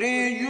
frio.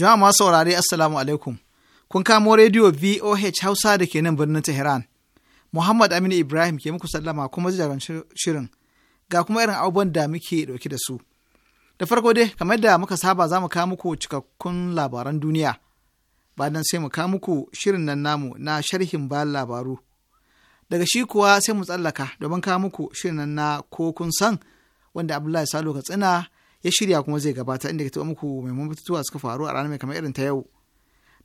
Jama'a masu saurare Assalamu alaikum. Kun kamo rediyo VOH Hausa da ke nan birnin Tehran. Muhammad Aminu Ibrahim ke muku sallama kuma jaran shirin. Ga kuma irin abubuwan da muke ɗauki da su. Da farko dai, kamar da muka saba za mu kawo muku cikakkun labaran duniya. Bayan sai mu kawo muku shirin nan namu na sharhin bayan labaru. Daga shi kuwa sai mu tsallaka domin kawo muku shirin nan na ko kun san wanda Abdullahi Salo Katsina ya shirya kuma zai gabata inda ka taɓa muku maimakon batutuwa suka faru a ranar mai kamar irin ta yau.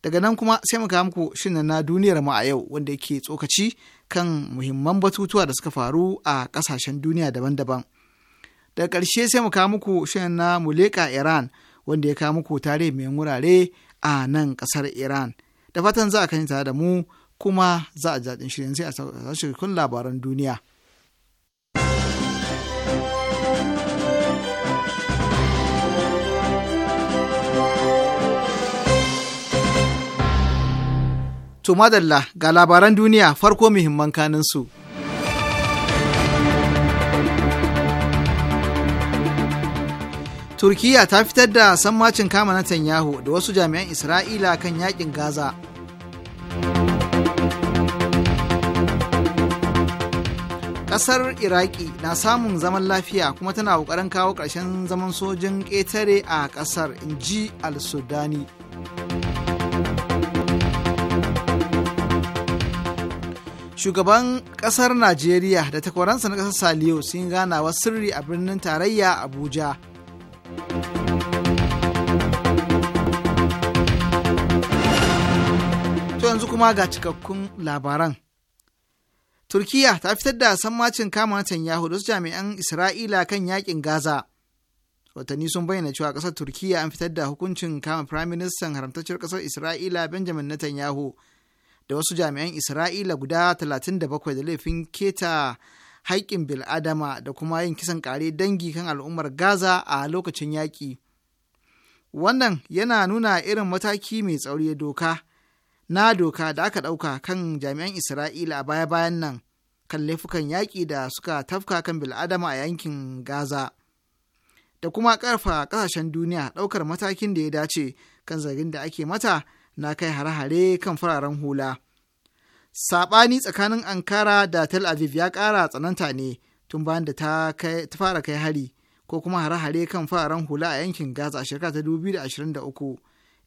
Daga nan kuma sai mu kawo muku shirin na duniyar mu a yau wanda yake tsokaci kan muhimman batutuwa da suka faru a ƙasashen duniya daban-daban. Daga ƙarshe sai mu ka muku shirin na Muleka Iran wanda ya kawo muku tarihi mai wurare a nan ƙasar Iran. Da fatan za a kan tare da mu kuma za a jaɗin shirin sai a sauran labaran duniya. To madalla ga labaran duniya farko muhimman kanin su. Turkiyya ta fitar da sammacin kama yahu da wasu jami'an Isra'ila kan yakin Gaza. Ƙasar Iraki na samun zaman lafiya kuma tana ƙoƙarin kawo ƙarshen zaman sojin ƙetare a ƙasar, in ji Al-Sudani. shugaban kasar najeriya da takwaransa na kasar saliyo sun ganawa sirri a birnin tarayya abuja to yanzu kuma ga cikakkun labaran turkiya ta fitar da sammacin kama netanyahu da su jami'an isra'ila kan yakin gaza watanni sun bayyana cewa kasar turkiya an fitar da hukuncin kama firaministan haramtacciyar kasar isra'ila benjamin netanyahu da wasu jami'an Isra'ila guda 37 da laifin keta haƙƙin bil'adama da kuma yin kisan ƙare dangi kan al'ummar Gaza a lokacin yaƙi. Wannan yana nuna irin mataki mai tsauri doka na doka da aka ɗauka kan jami'an Isra'ila a baya-bayan nan kan laifukan yaƙi da suka tafka kan bil'adama a yankin Gaza. Da kuma ƙarfa ƙasashen duniya ɗaukar matakin da ya dace kan zargin da ake mata na kai hare-hare kan fararen hula. Saɓani tsakanin Ankara da Tel Aviv ya ƙara tsananta ne tun bayan da ta fara kai hari ko kuma hare-hare kan fararen hula a yankin Gaza a shekara ta 2023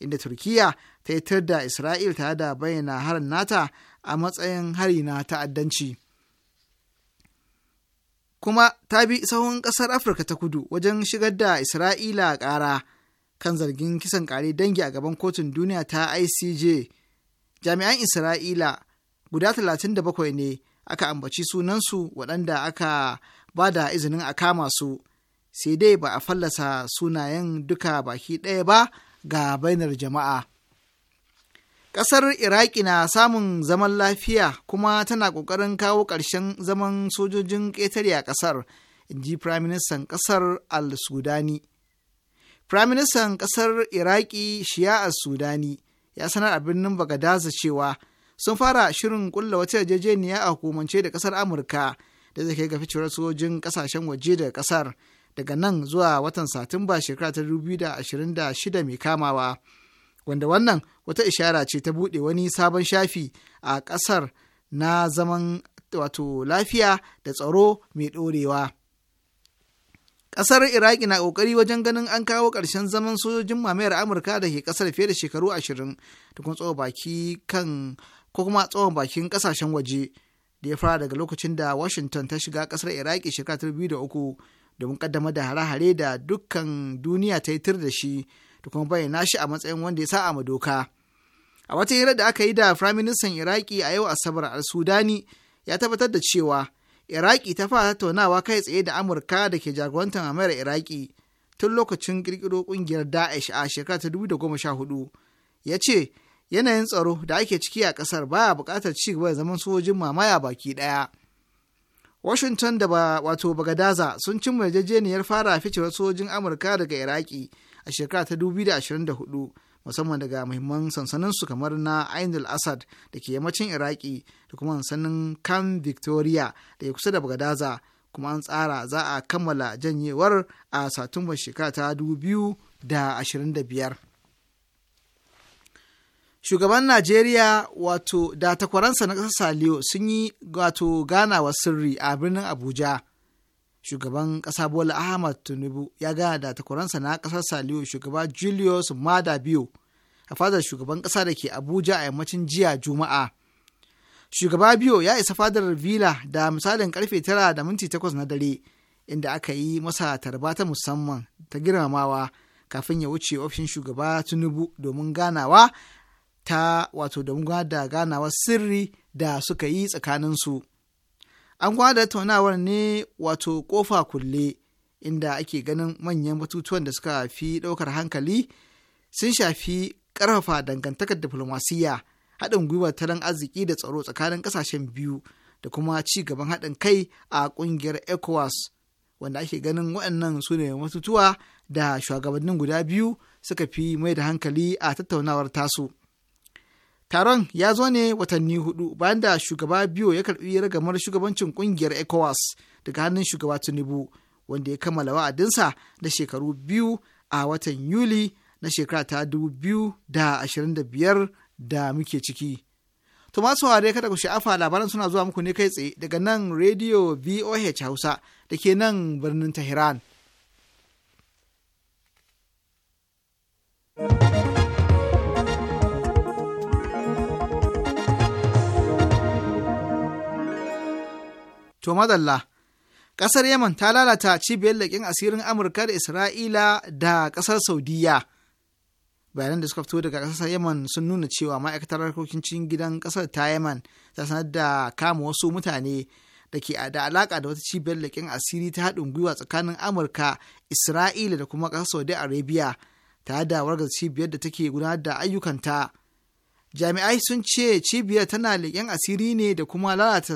inda Turkiyya ta yi tar da Isra'il tare da bayyana harin nata a matsayin hari na ta'addanci. Kuma ta bi sahun ƙasar Afirka ta kudu wajen shigar da Isra'ila ƙara. kan zargin kisan kare dangi a gaban kotun duniya ta ICJ. Jami'an Isra'ila guda 37 ne aka ambaci sunansu waɗanda aka ba da izinin a kama su, sai dai ba a fallasa sunayen duka baki ɗaya ba ga bainar jama'a. Ƙasar Iraki na samun zaman lafiya kuma tana ƙoƙarin kawo ƙarshen zaman sojojin ƙetare a ƙasar, in ji Firaministan ƙasar Al-Sudani. Firaministan ƙasar Iraki Shi'a Sudani ya sanar a birnin Bagadaza cewa sun fara shirin kulla wata yarjejeniya a hukumance da ƙasar Amurka da zai kai ga ficewar sojojin ƙasashen waje daga ƙasar daga nan zuwa watan Satumba shekara ta 2026 mai kamawa. Wanda wannan wata ishara ce ta buɗe wani sabon shafi a ƙasar na zaman wato lafiya da tsaro mai ɗorewa. Ƙasar Iraki na ƙoƙari wajen ganin an kawo ƙarshen zaman sojojin mamayar Amurka da ke ƙasar fiye da shekaru ashirin da kuma tsohon baki kan ko kuma tsohon bakin ƙasashen waje da ya fara daga lokacin da Washington ta shiga ƙasar Iraki shekara ta biyu da uku domin ƙaddamar da hare-hare da dukkan duniya ta yi tir da shi da kuma bayyana shi a matsayin wanda ya sa a doka. A wata hira da aka yi da Firaministan Iraki a yau Asabar Al-Sudani ya tabbatar da cewa iraki ta fara tattaunawa kai tsaye da amurka da ke jagorantar amayar iraki tun lokacin ƙirƙiro ƙungiyar daesh a shekara ta 2014 ya ce yanayin tsaro da ake ciki a kasar baya buƙatar ci gaba da zaman sojojin mamaya baki ɗaya washington da ba wato bagadaza sun cimma yarjejeniyar fara ficewar sojojin amurka daga iraki a shekara ta 2024 musamman daga muhimman sansaninsu kamar na Ain al-Assad da ke yammacin Iraki da kuma sansanin Camp Victoria da ke kusa da Bagadaza kuma an tsara za a kammala janyewar a satumba shekara ta 2025. shugaban Najeriya wato da takwaransa na ƙasar Saliyo sun yi wato ganawar sirri a birnin Abuja. Shugaban ƙasa Bola Ahmad Tinubu ya gana da takwaransa na ƙasar Saliyo shugaba Julius Mada a fadar shugaban ƙasa da ke Abuja a yammacin jiya Juma'a. Shugaba biyu ya isa fadar Villa da misalin karfe tara da minti takwas na dare, inda aka yi masa tarba ta musamman ta girmamawa kafin ya wuce ofishin shugaba Tinubu domin ganawa ta wato domin da ganawar sirri da suka yi tsakaninsu. An gwada tattaunawar ne wato kofa kulle inda ake ganin manyan batutuwan da suka fi ɗaukar hankali sun shafi karfafa dangantakar diflomasiyya haɗin gwiwar talan arziki da tsaro tsakanin ƙasashen biyu da kuma ci gaban haɗin kai a ƙungiyar ecowas wanda ake ganin waɗannan su ne matutuwa da shugabannin guda biyu suka fi mai da hankali a tattaunawar tasu taron ya zo ne watanni hudu bayan da shugaba biyu ya karɓi ragamar shugabancin ƙungiyar ecowas daga hannun shugaba tinubu wanda ya kammala wa'adinsa da shekaru biyu a watan yuli na shekara ta 2025 da da biyar muke ciki. To masu saurare kada ku sha'afa labaran suna zuwa muku ne kai tsaye daga nan Radio VOH Hausa da ke nan birnin Tehran. To madalla, ƙasar Yaman ta lalata cibiyar laƙin asirin Amurka da Isra'ila da ƙasar Saudiyya. bayanan da suka fito daga ƙasar yaman sun nuna cewa ma'aikatar harkokin cikin gidan kasar ta yaman ta sanar da kama wasu mutane da ke da alaka da wata cibiyar leƙen asiri ta haɗin gwiwa tsakanin amurka isra'ila da kuma ƙasar saudi arabia ta da warga cibiyar da take gudanar da ayyukanta jami'ai sun ce cibiyar tana leƙen asiri ne da kuma lalata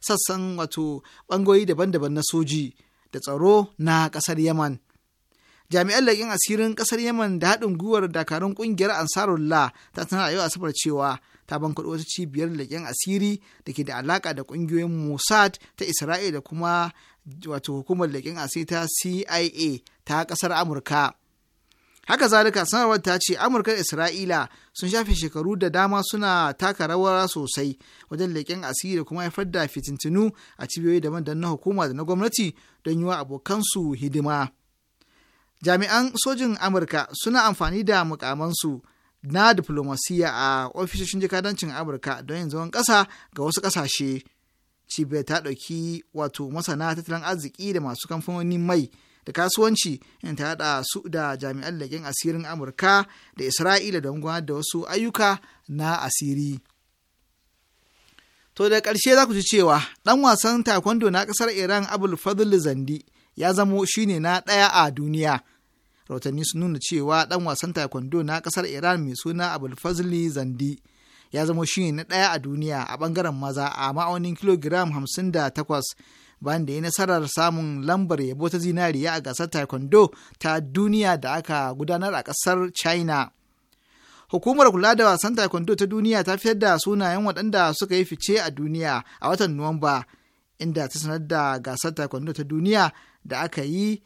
sassan wato ɓangoyi daban-daban na soji da tsaro na ƙasar yaman jami'an laƙin asirin ƙasar yaman da haɗin gwiwar dakarun ƙungiyar ansarullah ta sanar a yau asabar cewa ta bankaɗo wata cibiyar laƙin asiri da ke da alaƙa da ƙungiyoyin mossad ta isra'ila da kuma wato hukumar laƙin asiri ta cia ta ƙasar amurka haka zalika sanarwar ta ce amurka da isra'ila sun shafe shekaru da dama suna taka rawar sosai wajen leƙen asiri da kuma haifar da fitintinu a cibiyoyi daban-daban na hukuma da na gwamnati don yi wa abokansu hidima. jami'an sojin amurka suna amfani da mukamansu na diflomasiya a ofisoshin jikadancin amurka don yin zaman ƙasa ga wasu ƙasashe cibiyar ta ɗauki wato masana tattalin arziki da masu kamfanonin mai da kasuwanci in ta haɗa su da jami'an leƙen asirin amurka da isra'ila don gudanar da wasu ayyuka na asiri to da ƙarshe za ku ji cewa ɗan wasan taekwondo na ƙasar iran abul fadl zandi ya zamo shine na ɗaya a duniya rahotanni sun nuna cewa dan wasan taekwondo na kasar iran mai suna abulfazli zandi ya zama shi na ɗaya a duniya a ɓangaren maza a ma'aunin kilogiram hamsin da takwas bayan da ya nasarar samun lambar yabo ta zinariya a gasar taekwondo ta duniya da aka gudanar a ƙasar china hukumar kula da wasan taekwondo ta duniya ta fitar da sunayen waɗanda suka yi fice a duniya a watan nuwamba inda ta sanar da gasar taekwondo ta duniya da aka yi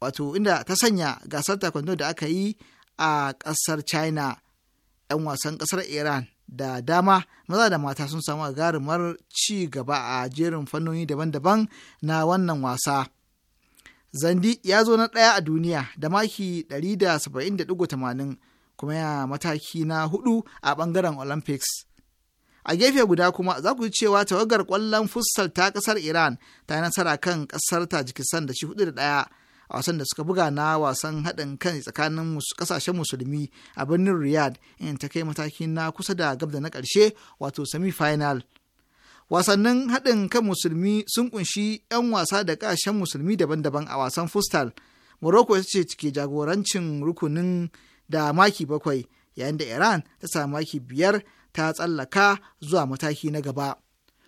wato inda ta sanya gasar taekwondo da aka yi a ƙasar china 'yan wasan ƙasar iran da dama maza da mata sun samu gagarumar ci gaba a jerin fannoni daban-daban na wannan wasa zandi ya zo na ɗaya a duniya da maki 170.80 kuma ya mataki na hudu a ɓangaren olympics a gefe guda kuma za ku ji cewa tawagar ƙwallon fussal ta ƙasar iran ta yi nasara kan ƙasar tajikistan da shi hudu da ɗaya a wasan da suka buga na wasan haɗin kan tsakanin ƙasashen musulmi a birnin riyadh in ta kai mataki na kusa da gab na ƙarshe wato semi final wasannin haɗin kan musulmi sun kunshi 'yan wasa da ƙasashen musulmi daban-daban a wasan fustal morocco ita ce ke jagorancin rukunin da maki bakwai yayin da iran ta samu maki biyar ta tsallaka zuwa mataki na gaba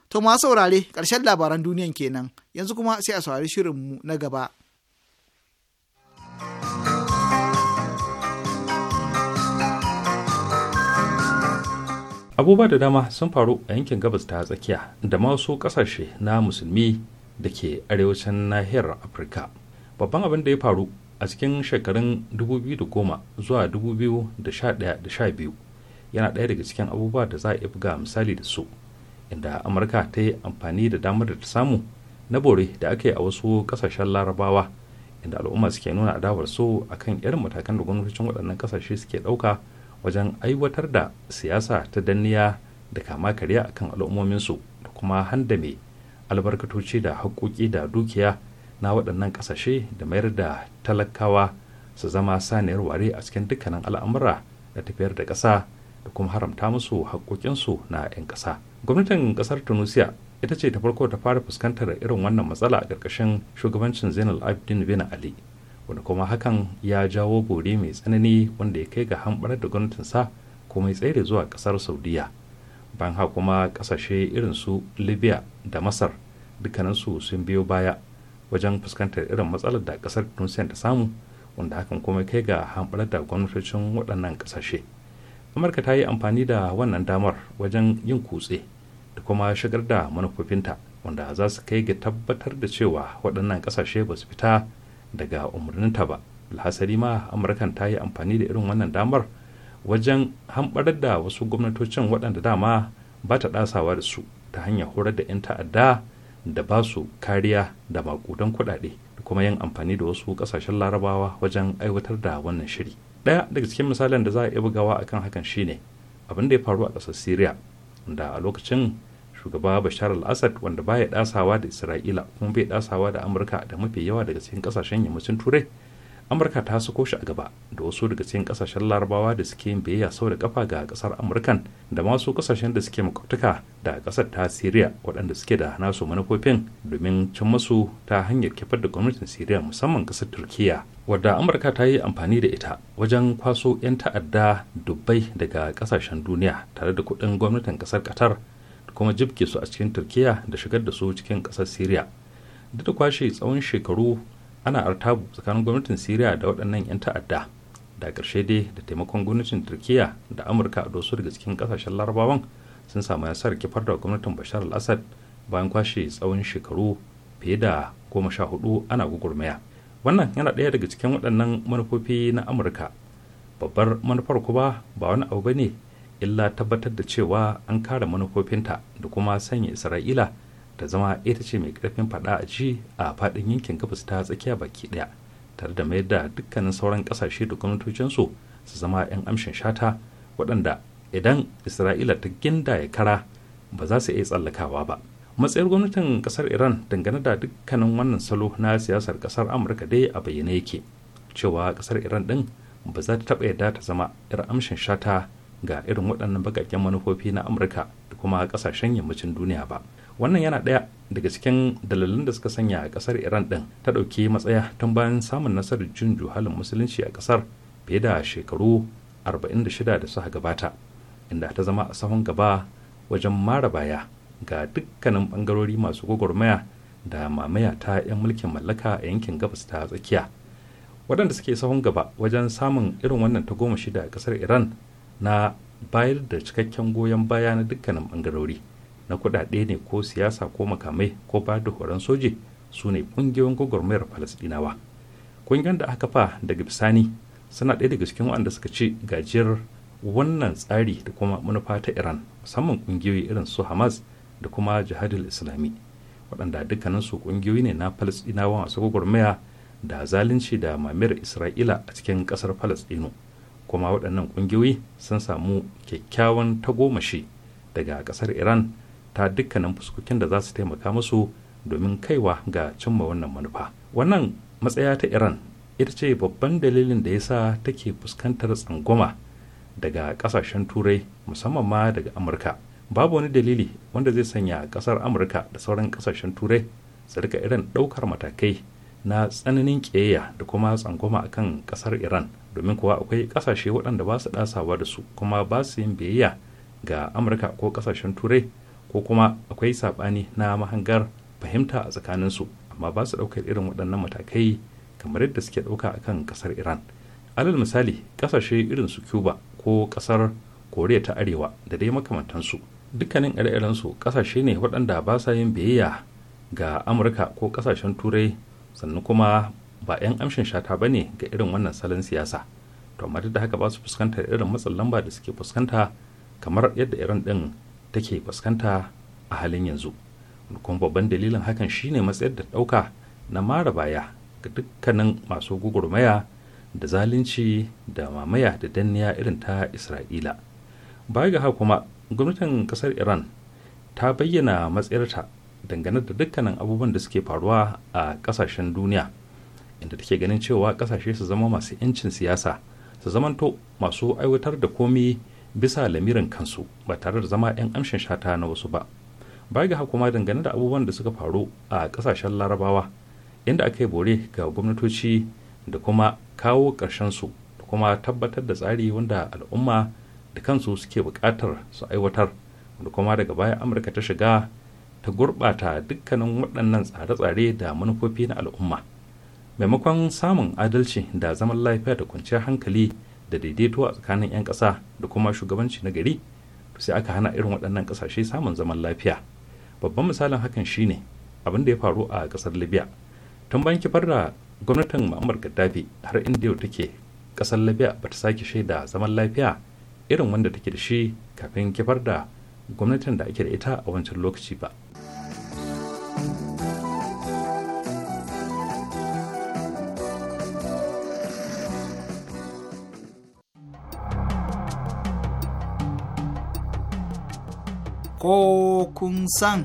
to ma saurare ƙarshen labaran duniyan kenan yanzu kuma sai a saurari shirinmu na gaba abubuwa da dama sun faru a yankin gabas ta tsakiya da masu kasashe na musulmi da ke arewacin nahiyar afirka babban abin da ya faru a cikin shekarun 2010 zuwa 2011-12 yana ɗaya daga cikin abubuwa da za a iya buga misali da su inda amurka ta yi amfani da damar da ta samu na bore da aka yi a wasu ƙasashen larabawa inda al'umma suke nuna adawar su akan irin matakan da gwamnatocin waɗannan kasashe suke ɗauka wajen aiwatar da siyasa ta danniya da kama karya akan al'ummominsu da kuma handame albarkatoci da haƙoƙi da dukiya na waɗannan ƙasashe da mayar da talakawa su zama saniyar ware a cikin dukkanin al'amura da tafiyar da ƙasa da kuma haramta musu haƙoƙinsu na 'yan ƙasa gwamnatin ƙasar tunisia ita ce ta farko ta fara fuskantar irin wannan matsala a ƙarƙashin shugabancin zainal abidin bin ali wanda kuma hakan ya jawo bore mai tsanani wanda ya kai ga hamɓarar da gwamnatinsa ko mai tsere zuwa ƙasar saudiya ban ha kuma ƙasashe irin su libya da masar dukkaninsu sun biyo baya wajen fuskantar irin matsalar da ƙasar tunisiya ta samu wanda hakan kuma ya kai ga hamɓarar da gwamnatocin waɗannan ƙasashe amurka ta yi amfani da wannan damar wajen yin kutse da kuma shigar da manufofinta wanda za su kai ga tabbatar da cewa waɗannan ƙasashe ba su fita daga umarninta ba alhasari ma amurkan ta yi amfani da irin wannan damar wajen hamɓarar da wasu gwamnatocin waɗanda dama ba ta ɗasawa da su ta hanyar horar da 'yan ta'adda da ba su kariya da makudan kuɗaɗe da kuma yin amfani da wasu ƙasashen larabawa wajen aiwatar da wannan shiri ɗaya daga cikin misalin da za a iya bugawa akan hakan shine abin da ya faru a ƙasar syria da a lokacin shugaba bashar al-assad wanda baya dasawa da isra'ila kuma bai dasawa da amurka da mafi yawa daga cikin kasashen yammacin turai amurka ta sako shi a gaba da wasu daga cikin kasashen larabawa da suke yin biyayya sau da kafa ga kasar amurkan da masu kasashen da suke makwabtaka da kasar ta syria waɗanda suke da nasu manufofin domin cin masu ta hanyar kifar da gwamnatin syria musamman kasar turkiya wadda amurka ta yi amfani da ita wajen kwaso 'yan ta'adda dubbai daga kasashen duniya tare da kuɗin gwamnatin kasar qatar kuma jibke su a cikin turkiya da shigar da su cikin kasar syria duk da kwashe tsawon shekaru ana artabu tsakanin gwamnatin syria da waɗannan 'yan ta'adda da ƙarshe dai da taimakon gwamnatin turkiya da amurka a dosu daga cikin ƙasashen larabawan sun samu nasarar kifar da gwamnatin bashar al-assad bayan kwashe tsawon shekaru fiye da goma sha hudu ana gugurmaya wannan yana ɗaya daga cikin waɗannan manufofi na amurka babbar manufar kuma ba wani abu ba ne. illa tabbatar da cewa an kare manufofinta da kuma sanya isra'ila ta zama ita ce mai karfin fada a ci a fadin yankin gabas ta tsakiya baki daya tare da mayar da dukkanin sauran kasashe da gwamnatocinsu su zama 'yan amshin shata waɗanda idan isra'ila ta ginda ya kara ba za su iya tsallakawa ba matsayin gwamnatin kasar iran dangane da dukkanin wannan salo na siyasar kasar amurka dai a bayyane yake cewa kasar iran din ba za ta taɓa yarda ta zama 'yar amshin shata ga irin waɗannan bakakken manufofi na amurka da kuma ƙasashen yammacin duniya ba wannan yana ɗaya daga cikin dalilin da suka sanya a ƙasar iran ɗin ta ɗauki matsaya tun bayan samun nasarar jin juhalin musulunci a ƙasar fiye da shekaru arba'in da suka gabata inda ta zama a sahun gaba wajen mara baya ga dukkanin ɓangarori masu gwagwarmaya da mamaya ta 'yan mulkin mallaka a yankin gabas ta tsakiya waɗanda suke sahun gaba wajen samun irin wannan ta goma shida a ƙasar iran na bayar da cikakken goyon baya na dukkanin bangarori na kudade ne ko siyasa ko makamai ko ba da horon soji su ne kungiyoyin gwagwarmayar falasdinawa kungiyar da aka fa daga bisani suna ɗaya daga cikin waɗanda suka ci gajiyar wannan tsari da kuma manufa ta iran musamman kungiyoyi irin su hamas da kuma jihadul islami waɗanda su kungiyoyi ne na falasdinawa masu gwagwarmaya da zalunci da mamayar isra'ila a cikin ƙasar falasdino kuma waɗannan ƙungiyoyi sun samu kyakkyawan tagomashi daga ƙasar iran ta dukkanin fuskokin da za su taimaka musu domin kaiwa ga cimma wannan manufa wannan matsaya ta iran ita ce babban dalilin da ya sa take fuskantar tsangwama daga ƙasashen turai musamman ma daga amurka babu wani dalili wanda zai sanya ƙasar amurka da sauran ƙasashen turai su rika irin ɗaukar matakai na tsananin ƙiyayya da kuma tsangwama a kan ƙasar iran domin kuwa akwai ƙasashe waɗanda ba su ɗasawa da su kuma ba su yin biyayya ga amurka ko ƙasashen turai ko kuma akwai saɓani na mahangar fahimta a tsakaninsu amma ba su ɗaukar irin waɗannan matakai kamar yadda suke ɗauka a kan ƙasar iran alal misali ƙasashe irin su cuba ko ƙasar koriya ta arewa da dai makamantansu dukkanin ire-irensu ƙasashe ne waɗanda ba sa yin biyayya ga amurka ko ƙasashen turai sannan kuma ba 'yan amshin shata ba ne ga irin wannan salon siyasa to amma da haka ba su fuskantar irin matsin lamba da suke fuskanta kamar yadda iran din take fuskanta a halin yanzu kuma babban dalilin hakan shine matsayar da ɗauka na mara baya ga dukkanin masu gugurmaya da zalunci da mamaya da danniya irin ta isra'ila ba ga haka kuma gwamnatin kasar iran ta bayyana matsayarta dangane da dukkanin abubuwan da suke faruwa a kasashen duniya inda take ganin cewa kasashe su zama masu 'yancin siyasa su zamanto masu aiwatar da komi bisa lamirin kansu ba tare da zama 'yan amshin shata na wasu ba baya ga kuma dangane da abubuwan da suka faru a kasashen larabawa inda aka yi bore ga gwamnatoci da kuma kawo su da kuma tabbatar da tsari wanda al'umma da kansu suke buƙatar su aiwatar da kuma daga baya amurka ta shiga ta gurɓata dukkanin waɗannan tsare-tsare da manufofi na al'umma maimakon samun adalci da zaman lafiya da kwanciyar hankali da daidaito a tsakanin 'yan ƙasa da kuma shugabanci na gari sai aka hana irin waɗannan ƙasashe samun zaman lafiya babban misalin hakan shine abin da ya faru a ƙasar libya tun ban kifar da gwamnatin ma'amar gaddafi har inda yau take ƙasar libya ba ta sake shaida zaman lafiya irin wanda take da shi kafin kifar da gwamnatin da ake da ita a wancan lokaci ba ko kun san.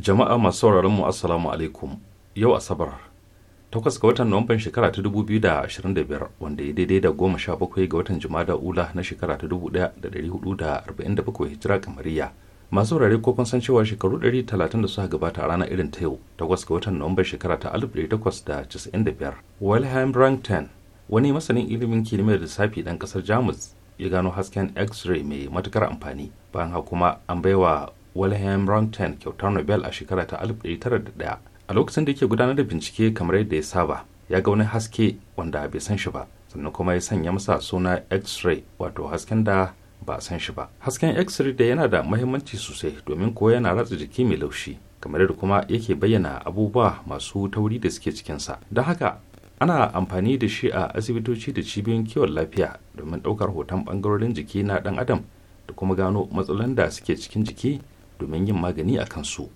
Jama'a masu sauraron mu Assalamu alaikum yau Asabar takwas ga watan Nuwamban shekara ta 2025 wanda ya daidai da goma sha bakwai ga watan da Ula na shekara ta 1447 hijira kamariya. Masu saurare ko kun san cewa shekaru 130 da suka gabata a ranar irin ta yau takwas ga watan Nuwamban shekara ta 1895 Wilhelm Rankin wani masanin ilimin kimiyyar lissafi ɗan ƙasar Jamus ya gano hasken x-ray mai matukar amfani bayan haka kuma an baiwa wilhelm Röntgen kyautar nobel a shekara ta 1901 a lokacin da yake gudanar da bincike kamar yadda ya saba ya ga wani haske wanda bai san shi ba sannan kuma ya sanya masa suna x-ray wato hasken da ba a san shi ba hasken x-ray da yana da mahimmanci sosai domin ko yana ratsa jiki mai laushi kamar da kuma yake bayyana abubuwa masu tauri da suke cikinsa don haka ana amfani da shi a asibitoci da cibiyoyin kiwon lafiya domin ɗaukar hoton ɓangarorin jiki na ɗan adam da kuma gano matsalolin da suke cikin jiki domin yin magani a kansu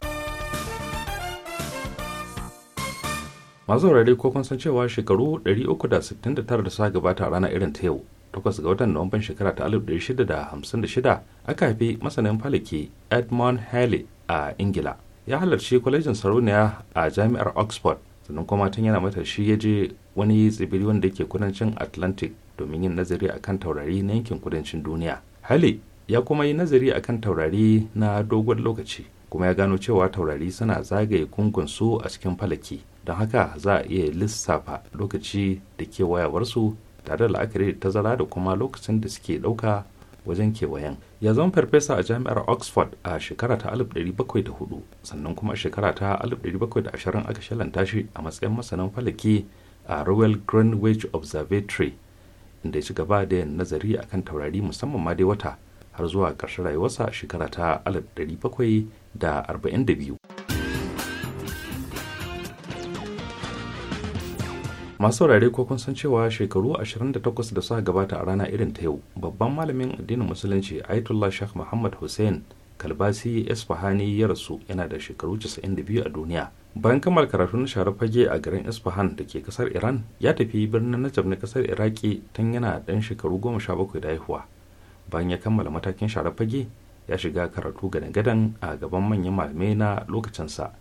masu saurare ko kun san cewa shekaru 369 da suka gabata rana irin ta yau 8 ga watan nuwamban shekara ta 1656 aka haifi masanin falake edmund haley a ingila ya halarci kwalejin sarauniya a jami'ar oxford sannan kuma tun yana mata shi ya je wani tsibiri wanda ke kudancin atlantic domin yin nazari akan taurari na yankin kudancin duniya hali ya kuma yi nazari a kan taurari na dogon lokaci kuma ya gano cewa taurari suna zagaye su a cikin falaki don haka za a iya lissafa lokaci da kewayawarsu tare da la'akari da tazara da kuma lokacin da suke ɗauka wajen kewayen ya zama farfesa a jami'ar oxford a shekara ta 1704 sannan kuma a shekara ta 1720 aka shalanta shi a matsayin masanin falaki a royal greenwich observatory inda ya ci gaba da yin nazari akan taurari musamman ma dai wata har zuwa ƙarshen rayuwarsa shekara ta 1742 masu saurare ko kun san cewa shekaru 28 da suka gabata a rana irin ta yau babban malamin addinin musulunci ayatollah shah muhammad hussein kalbasi isfahani ya rasu yana da shekaru 92 a duniya bayan kammala karatu na share fage a garin isfahan da ke kasar iran ya tafi birnin najab na kasar iraki tun yana dan shekaru 17 da haihuwa bayan ya kammala matakin share fage ya shiga karatu gadan-gadan a gaban manyan malamai na lokacinsa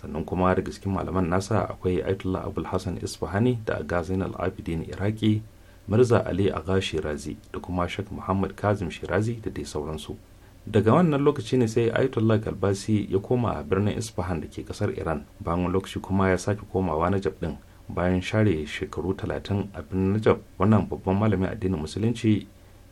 sannan kuma daga cikin malaman nasa akwai aitullah abul hassan isfahani da aga zainal abidin iraki mirza ali aga shirazi da kuma shak muhammad kazim shirazi da dai sauransu daga wannan lokaci ne sai aitullah kalbasi ya koma a birnin isfahan da ke kasar iran bayan lokaci kuma ya sake komawa najab din bayan share shekaru talatin a birnin najab wannan babban malamin addinin musulunci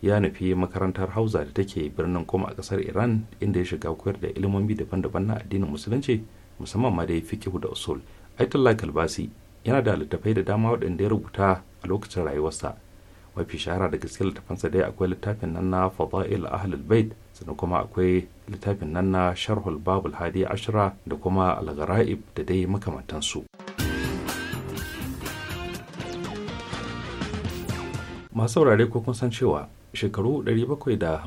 ya nufi makarantar hausa da take birnin koma a kasar iran inda ya shiga koyar da ilimomi daban-daban na addinin musulunci musamman ma dai fi da usul aitullah kalbasi yana da littafai da dama waɗanda ya rubuta a lokacin rayuwarsa mafi shahara da gaske littafansa dai akwai littafin nan na fada'il ahlul bait sannan kuma akwai littafin nan na sharhul babul hadi ashira da kuma al da dai makamantansu masu saurare ko kun san cewa shekaru 753 da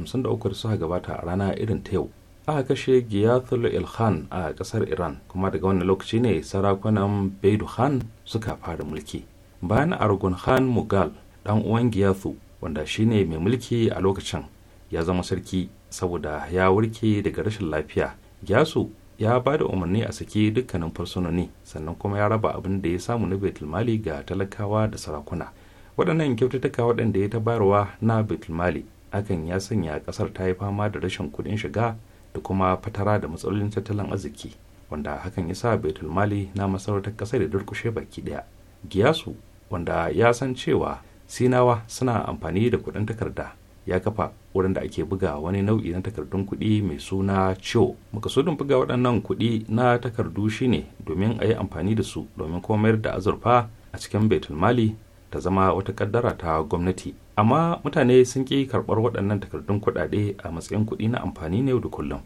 suka gabata a rana irin ta yau aka kashe giyathul ilhan a kasar iran kuma daga wannan lokaci ne sarakunan baidu khan suka fara mulki bayan argun khan mughal dan uwan giyathu wanda shine mai mulki a lokacin ya zama sarki saboda ya warke daga rashin lafiya giyasu ya ba da umarni a saki dukkanin fursunoni sannan kuma ya raba abin da ya samu na baitulmali ga talakawa da sarakuna waɗannan kyaututtuka waɗanda ya ta bayarwa na baitulmali akan ya sanya ƙasar ta yi fama da rashin kuɗin shiga da kuma fatara da matsalolin tattalin arziki wanda hakan ya sa baitul mali na masarautar kasar da durkushe baki daya giyasu wanda ya san cewa sinawa suna amfani da kuɗin takarda ya kafa wurin da ake buga wani nau'i na takardun kuɗi mai suna ciwo makasudin buga waɗannan kuɗi na takardu shine domin a yi amfani da su domin komayar da azurfa a cikin betul mali ta zama wata kaddara ta gwamnati amma mutane sun ƙi karɓar waɗannan takardun kuɗaɗe a matsayin kuɗi na amfani na yau da kullum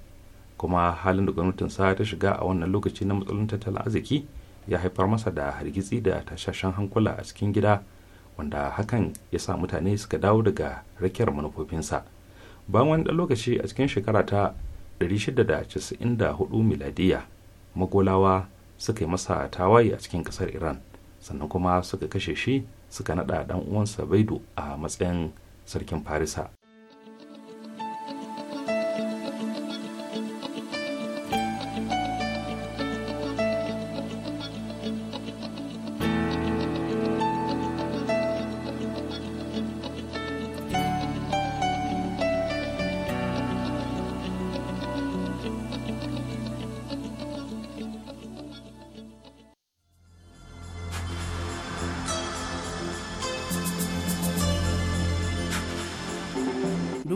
kuma halin da gwamnatin sa ta shiga a wannan lokaci na matsalolin tattalin arziki ya haifar masa da hargitsi da tashashen hankula a cikin gida wanda hakan ya sa mutane suka dawo daga rakiyar manufofinsa bayan wani ɗan lokaci a cikin shekara ta 694 miladiya magolawa suka yi masa tawaye a cikin ƙasar iran sannan kuma suka kashe shi suka naɗa ɗan uwansa baidu a matsayin sarkin farisa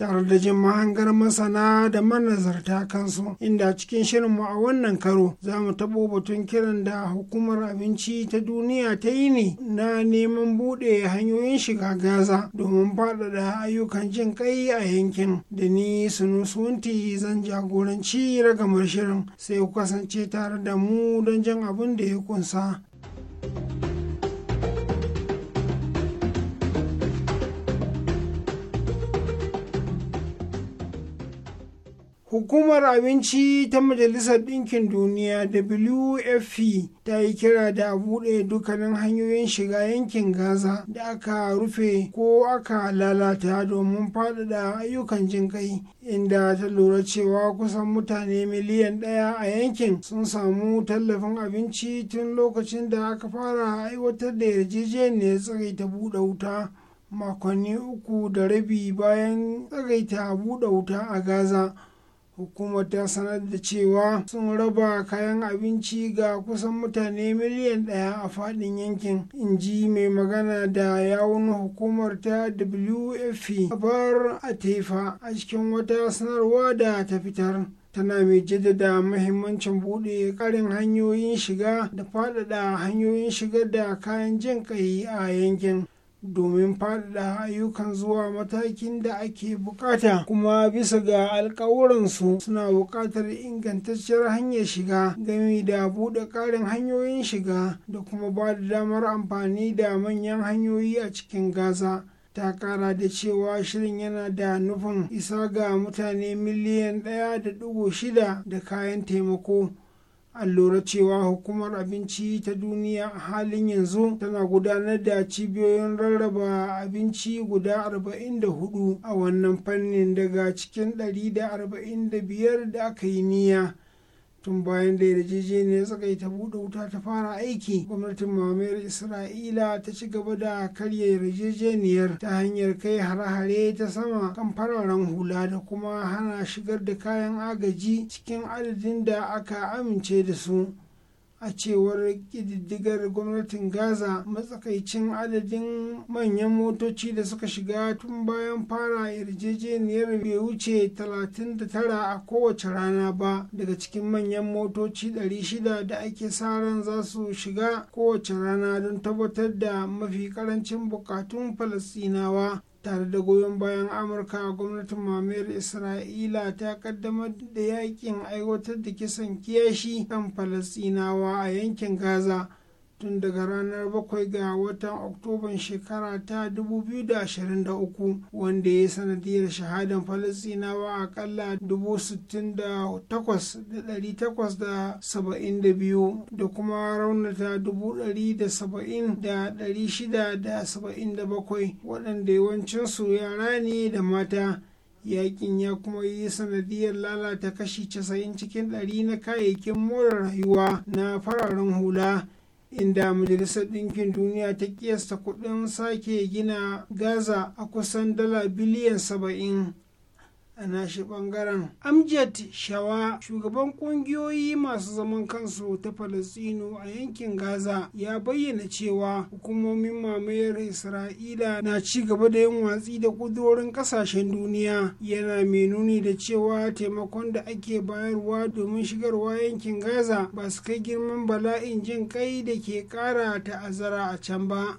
tare da jin mahangar masana da manazarta kansu inda cikin shirin mu a wannan karo za mu taɓo batun kiran da hukumar abinci ta duniya ta yi ne na neman buɗe hanyoyin shiga gaza domin faɗaɗa ayyukan jin kai a yankin da ni sunusunti zan jagoranci ragamar shirin sai ku kasance tare da mu don jan abin da ya kunsa. thank you Hukumar Abinci ta Majalisar Ɗinkin Duniya WFP ta yi kira da a buɗe dukkanin hanyoyin shiga yankin Gaza da aka rufe ko aka lalata domin faɗaɗa ayyukan jinƙai inda ta lura cewa kusan mutane miliyan ɗaya a yankin sun samu tallafin abinci tun lokacin da aka fara aiwatar da yarjejeniyar tsirai ta buɗe wuta. makonni uku da rabi bayan tsagaita buɗe wuta a gaza hukumar ta sanar da cewa sun raba kayan abinci ga kusan mutane miliyan ɗaya a faɗin yankin Inji mai magana da yawun hukumar ta wfp bar a tefa a cikin wata sanarwa da ta fitar tana mai jaddada mahimmancin buɗe karin hanyoyin shiga da faɗaɗa hanyoyin shigar da kayan jin ƙai a yankin domin faɗaɗa ayyukan zuwa matakin da ake bukata kuma bisa ga alkawuransu suna buƙatar ingantacciyar hanyar shiga gami da buɗe ƙarin hanyoyin shiga da kuma ba da damar amfani da manyan hanyoyi a cikin gaza ta kara da cewa shirin yana da nufin isa ga mutane miliyan ɗaya da dugu shida da kayan taimako an lura cewa hukumar abinci ta duniya a halin yanzu tana gudanar da cibiyoyin rarraba abinci guda 44 a wannan fannin daga cikin 145 da aka yi niyya tun bayan da yarjejeniyar tsakai ta buɗe wuta ta fara aiki gwamnatin mamayar isra'ila ta ci gaba da karya yarjejeniyar ta hanyar kai hare-hare ta sama kan fararen hula da kuma hana shigar da kayan agaji cikin adadin da aka amince da su a cewar ƙididdigar gwamnatin gaza matsakaicin adadin manyan motoci da suka shiga tun bayan fara yarjejeniyar bai wuce 39 a kowace rana ba daga cikin manyan motoci 600 da ake sa ran za su shiga kowace rana don tabbatar da mafi karancin bukatun falasinawa tare da goyon bayan amurka gwamnatin mamayar isra'ila ta kaddamar da yakin aiwatar da kisan kiyashi kan falasinawa a yankin gaza tun daga ranar 7 ga watan oktoban shekara ta 2023 wanda ya sanadiyar shahadan falasinawa akalla 68,872 da kuma raunata 170,677 waɗanda yawancinsu yara ne da mata yakin ya kuma yi sanadiyar lalata kashi 90 cikin 100 na kayayyakin more rayuwa na fararen hula inda majalisar ɗinkin duniya ta kiyasta kuɗin sake gina gaza a kusan dala biliyan saba'in a nashi bangaren amjad shawa shugaban kungiyoyi masu zaman kansu ta palestino a yankin gaza ya bayyana cewa hukumomin mamayar isra'ila na ci gaba da yin watsi da kudurorin kasashen duniya yana mai nuni da cewa taimakon da ake bayarwa domin shigarwa yankin gaza ba su kai girman bala'in jin kai da ke kara ta'azzara a can ba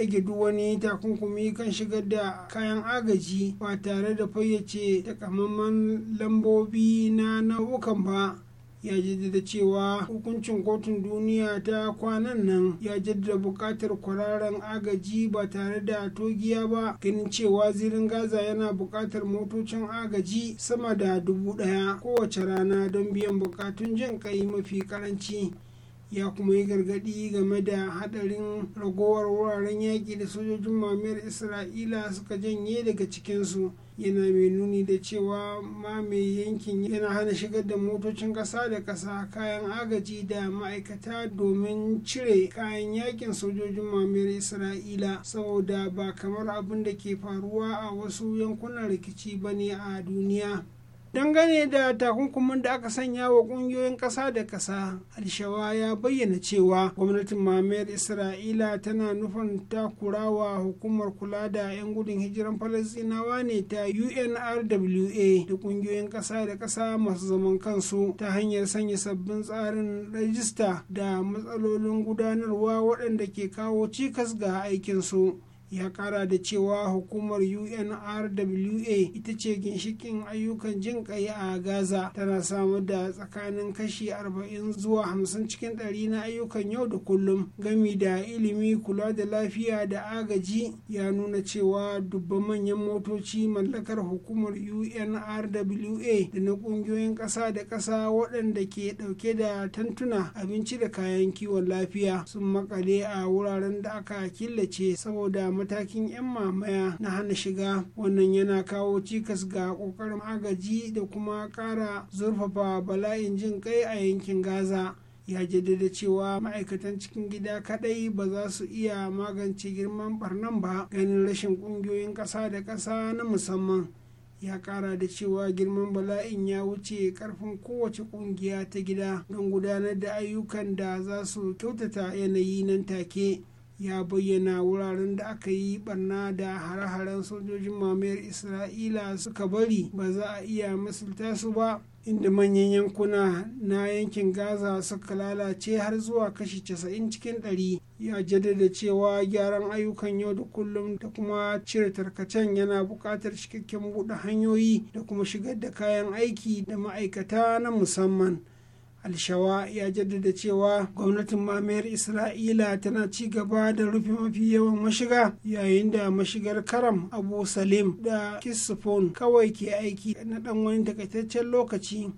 ɗage duk wani takunkumi kan shigar da kayan agaji ba tare da fayyace takamaiman lambobi na nau'ukan ba ya jaddada cewa hukuncin kotun duniya ta kwanan nan ya jaddada buƙatar kwararren agaji ba tare da togiya ba ganin cewa zirin gaza yana buƙatar motocin agaji sama da dubu ɗaya kowace rana don biyan buƙatun jin ƙai mafi ƙaranci ya kuma yi gargaɗi game da haɗarin ragowar wuraren yaƙi da sojojin mamayar isra'ila suka janye daga cikinsu yana mai nuni da cewa ma mai yankin yana hana shigar da motocin ƙasa da ƙasa kayan agaji da ma'aikata domin cire kayan yakin sojojin mamayar isra'ila saboda ba kamar abin da ke faruwa a wasu yankunan rikici bane a duniya dangane da takunkumin da aka sanya wa kungiyoyin kasa da kasa alshawa ya bayyana cewa gwamnatin mamayar isra'ila tana nufin takurawa hukumar kula da 'yan gudun hijiran falasinawa ne ta unrwa da kungiyoyin kasa da kasa masu zaman kansu ta hanyar sanya sabbin tsarin rajista da matsalolin gudanarwa waɗanda ke kawo cikas ga aikinsu ya kara da cewa hukumar unrwa ita ce ginshikin ayyukan jin kai a gaza tana samu da tsakanin kashi 40 zuwa 50 cikin ɗari na ayyukan yau da kullum gami da ilimi kula da lafiya da agaji ya nuna cewa dubban manyan motoci mallakar hukumar unrwa da na ƙungiyoyin ƙasa da ƙasa waɗanda ke ɗauke da tantuna abinci da kayan kiwon lafiya sun makale a wuraren da aka killace saboda matakin 'yan mamaya na hana shiga wannan yana kawo cikas ga kokarin agaji da kuma kara zurfafa bala'in jin kai a yankin gaza ya jaddada cewa ma'aikatan cikin gida kadai ba za su iya magance girman barnan ba ganin rashin kungiyoyin ƙasa da ƙasa na musamman ya kara da cewa girman bala'in ya wuce karfin kowace kungiya ta gida don gudanar da ayyukan da za su kyautata yanayi nan take ya bayyana wuraren da aka yi barna da hare-haren sojojin mamayar isra'ila suka bari ba za a iya misalta su ba inda manyan yankuna na yankin gaza suka lalace har zuwa kashi 90 cikin 100 ya jaddada cewa gyaran ayyukan yau da kullum da kuma cire tarkacen yana buƙatar cikakken buɗe hanyoyi da kuma shigar da kayan aiki da ma'aikata na musamman alshawa ya jaddada cewa gwamnatin mamayar isra'ila tana ci gaba da rufe mafi yawan mashiga yayin da mashigar karam abu salim da kisifon kawai ke aiki na dan wani takaitaccen lokaci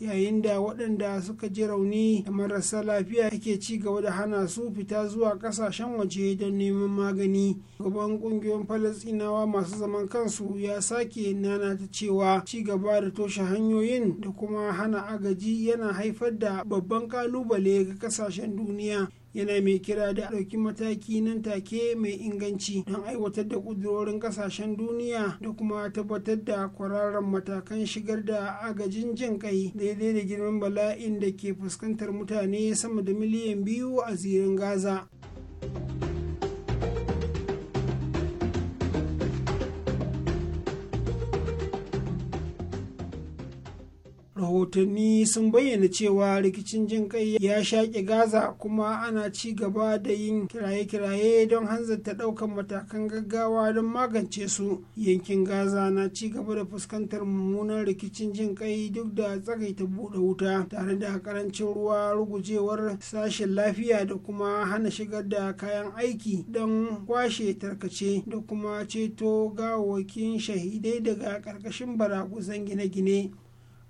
yayin da waɗanda suka ji rauni da marasa lafiya ake ci gaba da hana su fita zuwa ƙasashen waje don neman magani gaban ƙungiyoyin falasinawa masu zaman kansu ya sake nana ta cewa ci gaba da toshe hanyoyin da kuma hana agaji yana haifar da babban ƙalubale ga ƙasashen duniya yana mai kira da ɗauki mataki nan take mai inganci don aiwatar da ƙudurorin ƙasashen duniya da kuma tabbatar da kwararren matakan shigar da agajin jin kai daidai da girman bala'in da ke fuskantar mutane sama da miliyan biyu a zirin gaza. rahotanni sun bayyana cewa rikicin jin kai ya shaƙe gaza kuma ana ci gaba da yin kiraye-kiraye don hanzarta ɗaukar matakan gaggawa don magance su yankin gaza na ci gaba da fuskantar mummunan rikicin jin kai duk da tsagaita buɗe wuta tare da karancin ruwa rugujewar sashen lafiya da kuma hana shigar da kayan aiki don kwashe tarkace da kuma ceto gawawwakin shahidai daga ƙarƙashin barakuzan gine-gine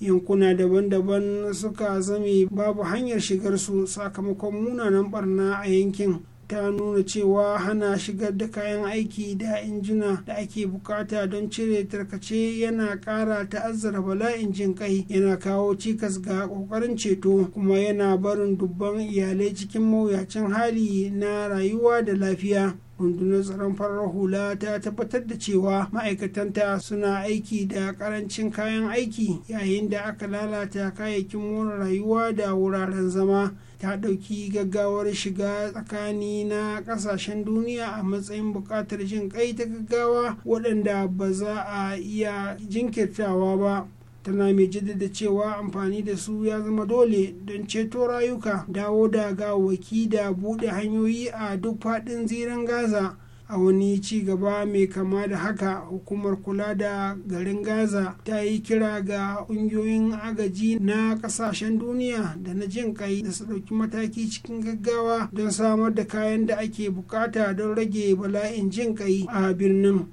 yankuna daban-daban suka zame babu hanyar shigar su sakamakon munanan barna a yankin ta nuna cewa hana shigar da kayan aiki da injina da ake bukata don cire tarkace yana kara ta'azzara bala'in jin kai yana kawo cikas ga kokarin ceto kuma yana barin dubban iyalai cikin mawuyacin hali na rayuwa da lafiya rundunar tsaron farar hula ta tabbatar da cewa ma'aikatanta suna aiki da karancin kayan aiki yayin da aka lalata kayayyakin more rayuwa da wuraren zama ta ɗauki gaggawar shiga tsakani na ƙasashen duniya a matsayin buƙatar jin ƙai ta gaggawa waɗanda ba za a iya jinkirtawa ba tana mai jaddada cewa amfani da su ya zama dole don ceto rayuka dawo da gawaki da buɗe hanyoyi a duk faɗin ziran gaza a wani ci gaba mai kama da haka hukumar kula da garin gaza ta yi kira ga ƙungiyoyin agaji na ƙasashen duniya da na jin kai da su ɗauki mataki cikin gaggawa don samar da kayan da ake bukata don rage bala'in jin kai a birnin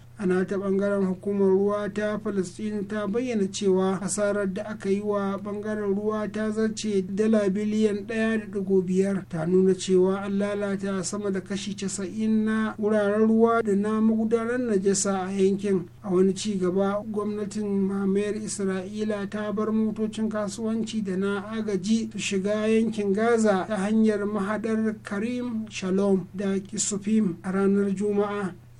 a ta bangaren hukumar ruwa ta palestine ta bayyana cewa hasarar da aka yi wa bangaren ruwa ta zarce dala biliyan ɗaya da digo biyar ta nuna cewa an lalata sama da kashi casa'in na wuraren ruwa da na magudanar najasa a yankin a wani ci gaba gwamnatin mamayar isra'ila ta bar motocin kasuwanci da na agaji su shiga yankin gaza ta hanyar mahadar karim shalom da kisufim a ranar juma'a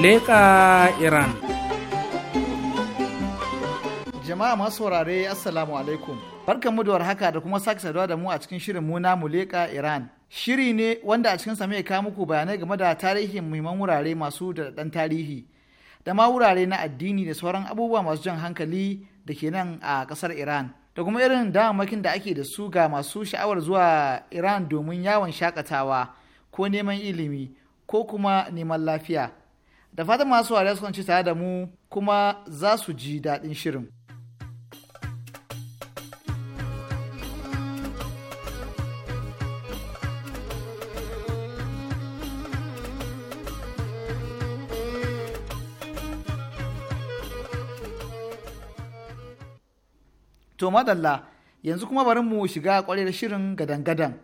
leka iran jama'a masu wurare assalamu alaikum barkan mu da haka da kuma sake saduwa da mu a cikin shirin mu na muleka iran shiri ne wanda a cikin sa mai kawo muku bayanai game da tarihin muhimman wurare masu da tarihi da ma wurare na addini da sauran abubuwa masu jan hankali da ke nan a kasar iran da kuma irin damamakin da ake da su ga masu sha'awar zuwa iran domin yawon shakatawa ko neman ilimi ko kuma neman lafiya da fatan masu wariya su kwanci tare da mu kuma za su ji daɗin shirin. To madalla yanzu kuma bari mu shiga kwarar shirin gadan-gadan.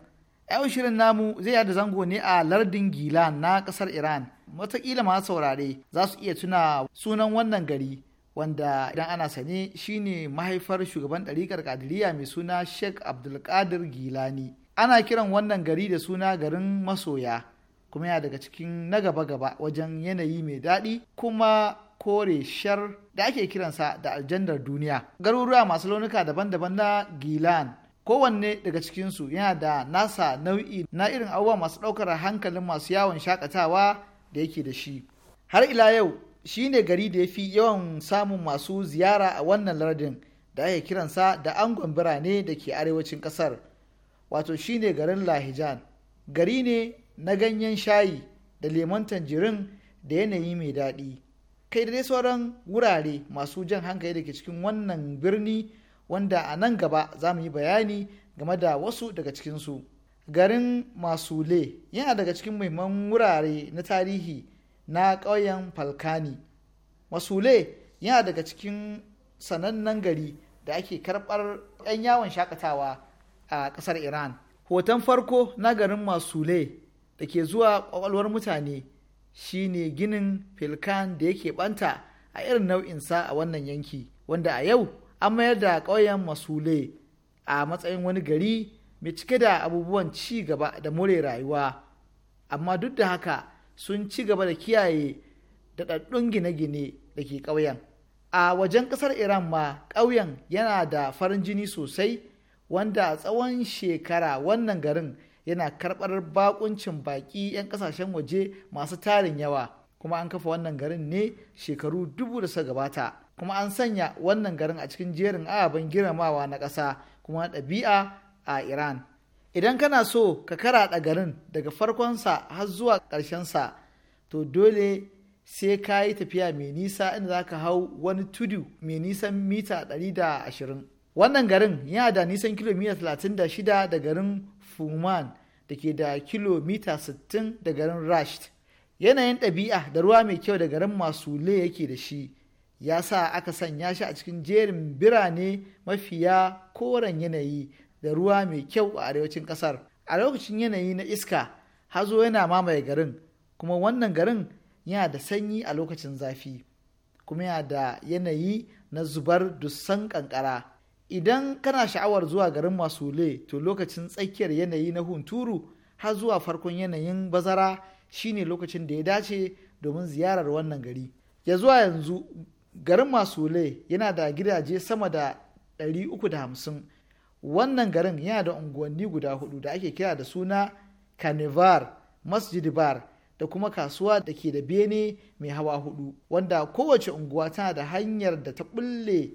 Yau shirin namu zai yada zango ne a lardin Gila na ƙasar Iran. watakila ma saurare za su iya tuna sunan wannan gari wanda idan ana sane shine mahaifar shugaban ɗariƙar kadiriya mai suna sheikh abdulkadir gilani ana kiran wannan gari da suna garin masoya kuma yana daga cikin na gaba-gaba wajen yanayi mai daɗi kuma kore shar da ake kiransa da aljandar duniya garuruwa masu launuka daban-daban na gilan kowanne daga cikinsu yana da nasa nau'i na irin abubuwa masu ɗaukar hankalin masu yawon shakatawa da yake da shi har ila yau shi ne gari da ya fi yawan samun masu ziyara a wannan lardin da ake kiransa da angon birane da ke arewacin Kasar wato shi ne garin lahijan gari ne na ganyen shayi da lemon tanjirin da yanayi mai daɗi kai da dai sauran wurare masu jan hankali da ke cikin wannan birni wanda a nan gaba za mu yi bayani game da wasu daga cikinsu. garin masule yana daga cikin muhimman wurare na tarihi na ƙauyen falkani masule yana daga cikin sanannen gari da ake karɓar 'yan yawon shakatawa a ƙasar iran hoton farko na garin masule da ke zuwa ƙwaƙwalwar mutane shine ginin filkan da yake ɓanta a irin nau'insa a wannan yanki wanda a yau an mayar da ƙauyen masule a matsayin wani gari mai cike da abubuwan ci gaba da more rayuwa amma duk da haka sun ci gaba da kiyaye daɗaɗɗun gine-gine da ke ƙauyen a wajen ƙasar iran ma ƙauyen yana da farin jini sosai wanda a tsawon shekara wannan garin yana karɓar bakuncin baƙi 'yan ƙasashen waje masu tarin yawa kuma an kafa wannan garin ne shekaru dubu da suka gabata kuma an sanya wannan garin a cikin jerin ababen girmamawa na ƙasa kuma ɗabi'a a Iran. Idan kana so ka karaɗa garin daga farkonsa har zuwa ƙarshensa, to dole sai ka yi tafiya mai nisa inda za ka hau wani tudu mai nisan mita 120. Wannan garin yana da nisan kilomita 36 da garin Fuman da ke da kilomita 60 da garin Rasht. Yanayin ɗabi'a da ruwa mai kyau da garin Masule yake da shi. ya sa aka sanya shi a cikin jerin birane mafiya koren yanayi da ruwa mai kyau a arewacin kasar a lokacin yanayi na iska hazo yana mamaye garin kuma wannan garin yana da sanyi a lokacin zafi kuma yana da yanayi na zubar dusan kankara idan kana sha'awar zuwa garin masule to lokacin tsakiyar yanayi na hunturu har zuwa farkon yanayin bazara shine lokacin da ya dace domin ziyarar wannan gari ya zuwa yanzu garin masule yana da gidaje sama da 350 wannan garin yana da unguwanni guda hudu da ake kira da suna kanivar masjidibar da kuma kasuwa da ke da bene mai hawa hudu wanda kowace unguwa tana da hanyar da ta bulle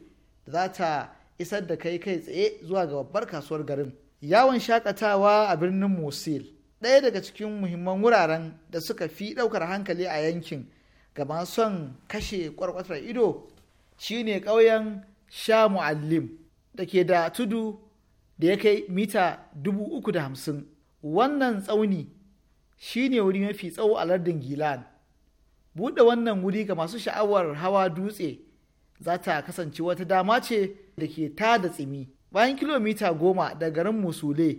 za ta isar da kai kai tsaye zuwa ga babbar kasuwar garin yawon shakatawa a birnin mosul ɗaya daga cikin muhimman wuraren da suka fi ɗaukar hankali a yankin gaba son kashe kwarkwatar ido shine ƙauyen sha mu'allim da ke da tudu da ya kai mita dubu uku da hamsin wannan tsauni shine wuri mafi tsawo a lardin gilan buɗe wannan wuri ga masu sha'awar hawa dutse za ta kasance wata dama ce da ke ta da tsimi bayan kilomita goma da garin musule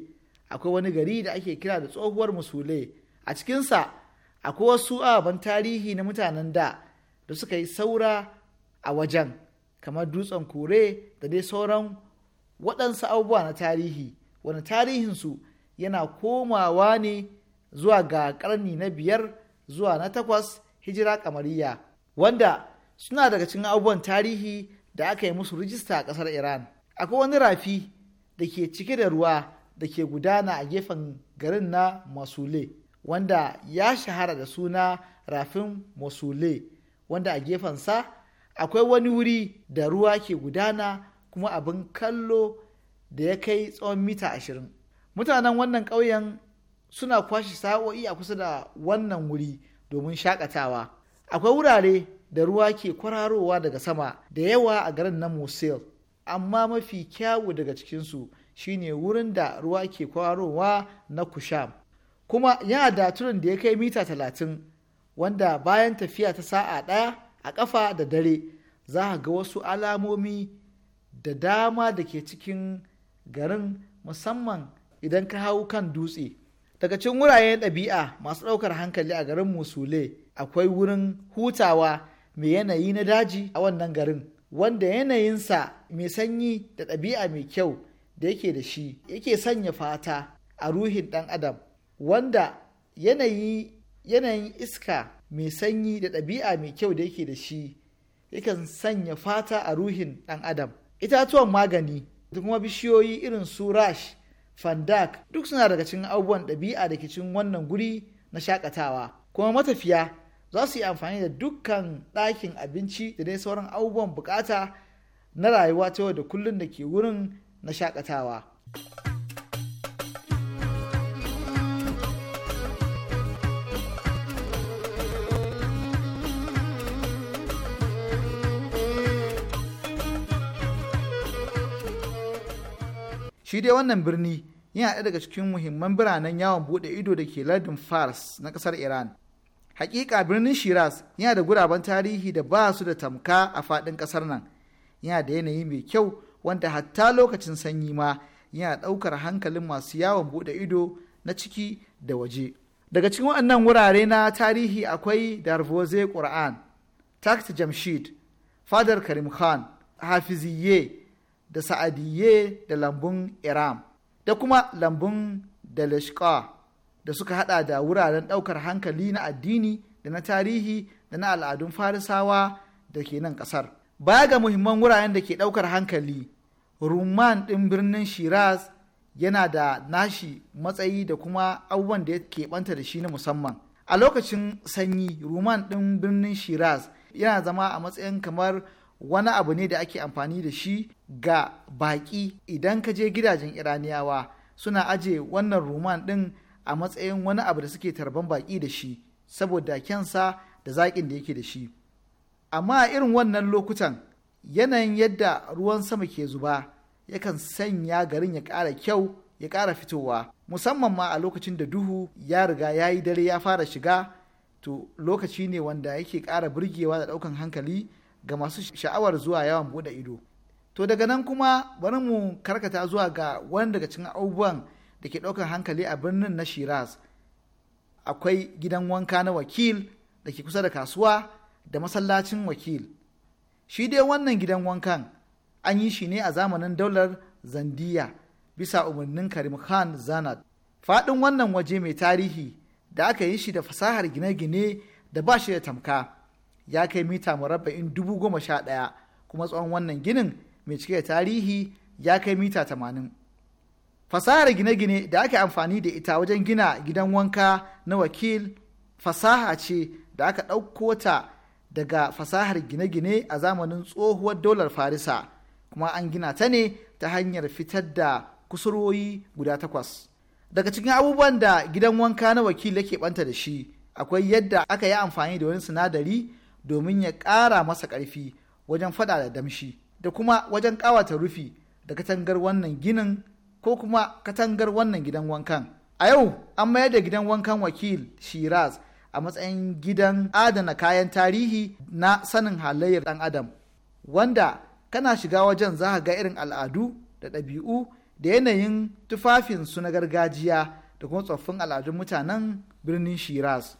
akwai wani gari da ake kira da tsohuwar musule a cikinsa akwai wasu ababen tarihi na mutanen da da suka yi saura a wajen kamar dutsen kore da dai sauran waɗansu abubuwa na tarihi wani tarihinsu yana komawa ne zuwa ga ƙarni na biyar zuwa na takwas hijira kamariya wanda suna daga cikin abubuwan tarihi da aka yi musu rijista a ƙasar iran akwai wani rafi da ke cike da ruwa da ke gudana a gefen garin na masule wanda ya shahara da suna rafin masule wanda a gefensa akwai wani wuri da ruwa ke gudana kuma abin kallo da ya kai tsawon mita ashirin mutanen wannan ƙauyen suna kwashe sa'o'i a kusa da wannan wuri domin shakatawa akwai wurare da ruwa ke kwararowa daga sama da yawa a garin na mosul amma mafi kyawu daga cikinsu shine wurin da ruwa ke kwararowa na kusham kuma yana da da ya kai mita talatin wanda bayan tafiya ta sa'a ɗaya a ƙafa da dare za a ga wasu alamomi da dama da ke cikin garin musamman idan ka hau kan dutse daga cikin wuraren ɗabi'a masu ɗaukar hankali a garin musule akwai wurin hutawa mai yanayi na daji a wannan garin wanda yanayinsa mai sanyi da ɗabi'a mai kyau da yake da shi yake sanya fata a ruhin ɗan adam wanda yanayi yanayin iska mai sanyi da ɗabi'a mai kyau da yake da shi yakan sanya fata a ruhin ɗan adam itatuwan magani da kuma bishiyoyi irin su rash fandak duk suna daga cikin abubuwan ɗabi'a da ke cikin wannan guri na shakatawa kuma matafiya za su yi amfani da dukkan ɗakin abinci da dai sauran abubuwan bukata na rayuwa ta yau da kullum da ke wurin na shakatawa. shi dai wannan birni yana ɗaya daga cikin muhimman biranen yawon buɗe ido da ke lardin fars na ƙasar iran hakika birnin Shiras yana da guraben tarihi da ba su da tamka a faɗin ƙasar nan yana da yanayi mai kyau wanda hatta lokacin sanyi ma yana ɗaukar hankalin masu yawon buɗe ido na ciki da waje daga cikin waɗannan wurare na tarihi akwai darvoze ƙur'an takta jamshid fadar karim khan hafiziyye da sa'adiyye da lambun iram da kuma lambun dalashqa da suka hada da wuraren daukar hankali na addini da na tarihi da na al'adun farisawa da ke nan kasar baya ga muhimman wuraren da ke daukar hankali rumman din birnin shiraz yana da nashi matsayi da kuma abubuwan da ya keɓanta da shi na musamman a lokacin sanyi rumman din birnin shiraz yana zama a matsayin kamar wani abu ne da ake amfani da shi ga baƙi idan ka je gidajen iraniyawa suna aje wannan roman ɗin a matsayin wani abu da suke tarban baƙi da shi saboda kyansa da zaƙin da yake da shi amma a irin wannan lokutan yanayin yadda ruwan sama ke zuba yakan sanya garin ya ƙara kyau ya ƙara fitowa musamman ma a lokacin da duhu ya riga ya yi dare ya fara shiga to lokaci ne wanda yake ƙara burgewa da ɗaukan hankali ga masu sha'awar zuwa yawon bude ido to daga nan kuma bari mu karkata zuwa ga wani daga cikin abubuwan da ke ɗaukar hankali a birnin na shiraz akwai gidan wanka na wakil da ke kusa da kasuwa da masallacin wakil shi dai wannan gidan wankan an yi shi ne a zamanin daular zandiya bisa umarnin karim khan zanat faɗin wannan waje mai tarihi da aka yi shi da fasahar gine-gine da ba shi da tamka ya kai mita murabba'in dubu goma sha ɗaya kuma tsawon wannan ginin mai cike da tarihi ya kai mita tamanin. Fasahar gine-gine da aka amfani da ita wajen gina gidan wanka na wakil fasaha ce da aka ɗauko ta daga fasahar gine-gine a zamanin tsohuwar dolar Farisa kuma an gina ta ne ta hanyar fitar da kusurwoyi guda takwas. Daga cikin abubuwan da gidan wanka na wakil yake banta da shi akwai yadda aka yi amfani da wani sinadari domin ya ƙara masa ƙarfi wajen faɗa da damshi da kuma wajen ƙawata rufi da katangar wannan ginin ko kuma katangar wannan gidan wankan. A yau an mayar da gidan wankan wakil Shiraz a matsayin gidan adana kayan tarihi na sanin halayyar ɗan adam wanda kana shiga wajen za ga irin al'adu da ɗabi'u da yanayin tufafinsu na gargajiya da kuma tsoffin al'adun mutanen birnin Shiraz.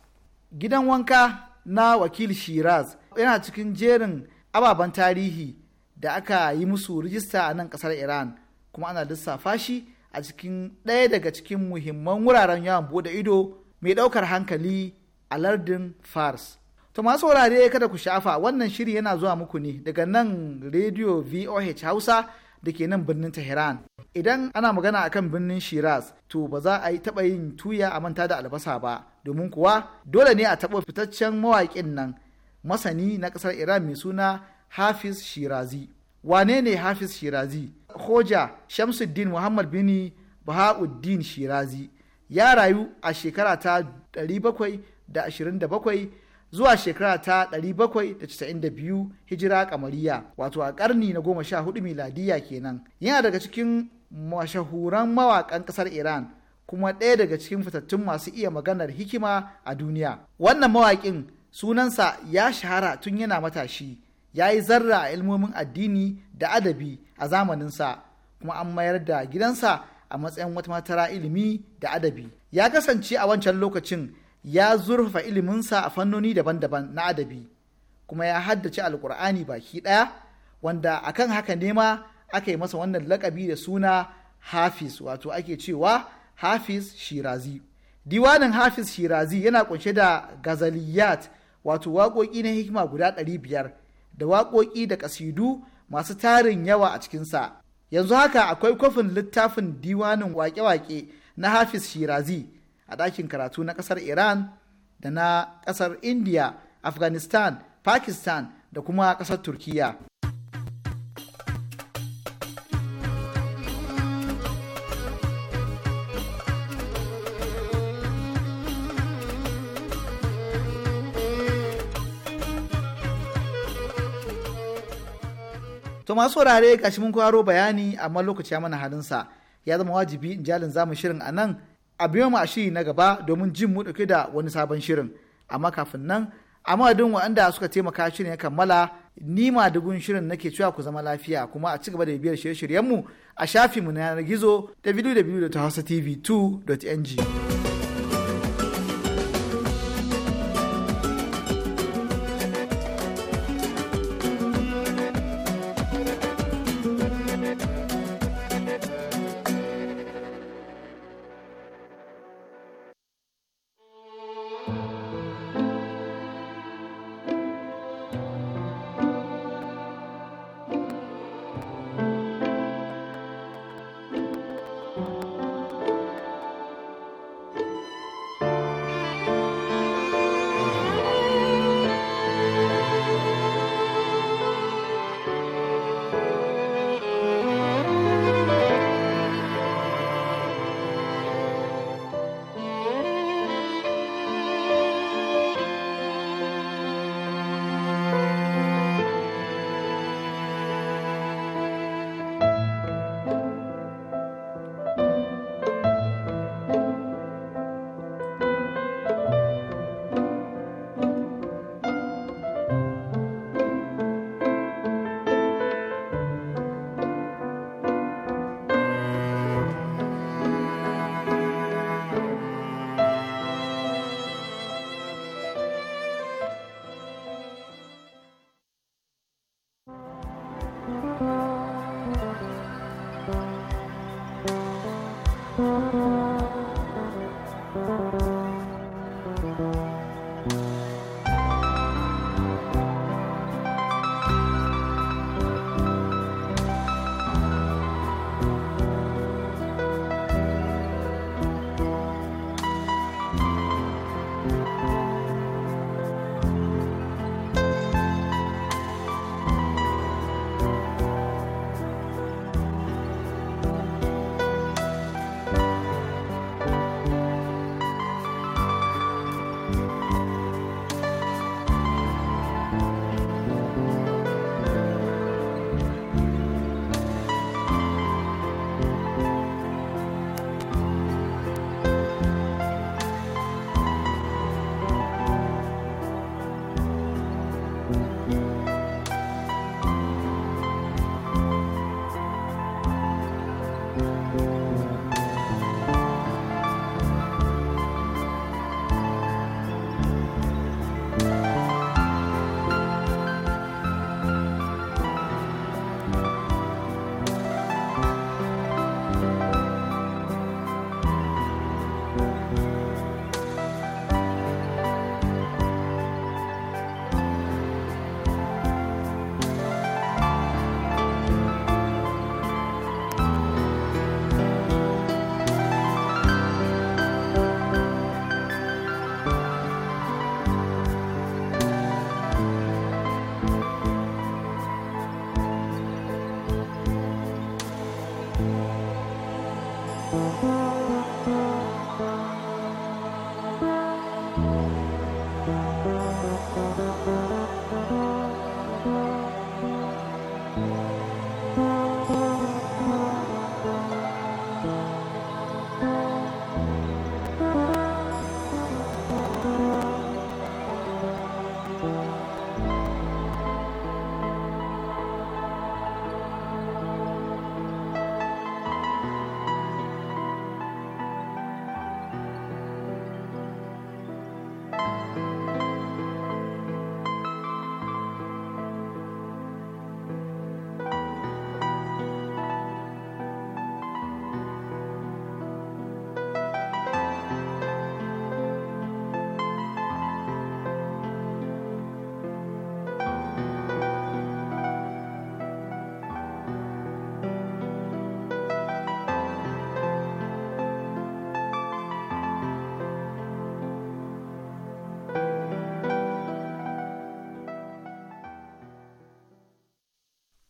Gidan wanka na wakil shiraz yana cikin jerin ababen tarihi da aka yi musu rijista a nan kasar iran kuma ana lissafa shi a cikin ɗaya daga cikin muhimman wuraren yawon bude ido mai ɗaukar hankali a lardin fars to masu wurare kada ku sha'afa wannan shiri yana zuwa muku ne daga nan rediyo voh hausa da ke nan birnin Tehran. Idan ana magana a kan birnin Shiraz, to ba za a yi taɓa yin tuya a manta da albasa ba, domin kuwa dole ne a taɓa fitaccen mawaƙin nan masani na ƙasar Iran mai suna Hafiz Shirazi. Wane ne Hafiz Shirazi? Hoja Shamsuddin Muhammad Bini Bahauddin Shirazi ya rayu a shekara ta 727 zuwa shekara ta 792 hijira kamariya wato a karni na 14 miladiya kenan yana daga cikin mashahuran mawakan kasar iran kuma ɗaya daga cikin fitattun masu iya maganar hikima a duniya wannan mawakin sunansa ya shahara tun yana matashi ya yi zarra a ilmomin addini da adabi a zamaninsa kuma an mayar da gidansa a matsayin wata matara ilimi da adabi ya kasance a wancan lokacin ya zurfafa iliminsa a fannoni daban-daban na adabi kuma ya haddace alkur'ani baki ɗaya wanda akan haka nema aka yi masa wannan lakabi da suna hafiz wato ake cewa hafiz shirazi diwanin hafiz shirazi yana kunshe da gazaliyat wato waƙoƙi na hikima guda ɗari biyar da waƙoƙi da ƙasidu masu tarin yawa a cikinsa yanzu haka akwai kwafin littafin diwanin wake-wake na hafiz shirazi a ɗakin karatu na ƙasar iran da na ƙasar india afghanistan pakistan da kuma ƙasar turkiya To masu wurare gashi mun kwaro bayani amma lokaci ya mana halinsa ya zama wajibi in jalin zamu shirin a nan a biyo mu a shiri na gaba domin jin mu dauke da wani sabon shirin amma kafin nan a madadin waɗanda suka taimaka shirin ya kammala ni ma dugun shirin nake cewa ku zama lafiya kuma a ci gaba da biyar shirye-shiryenmu a shafinmu na yanar gizo www.hausatv2.ng.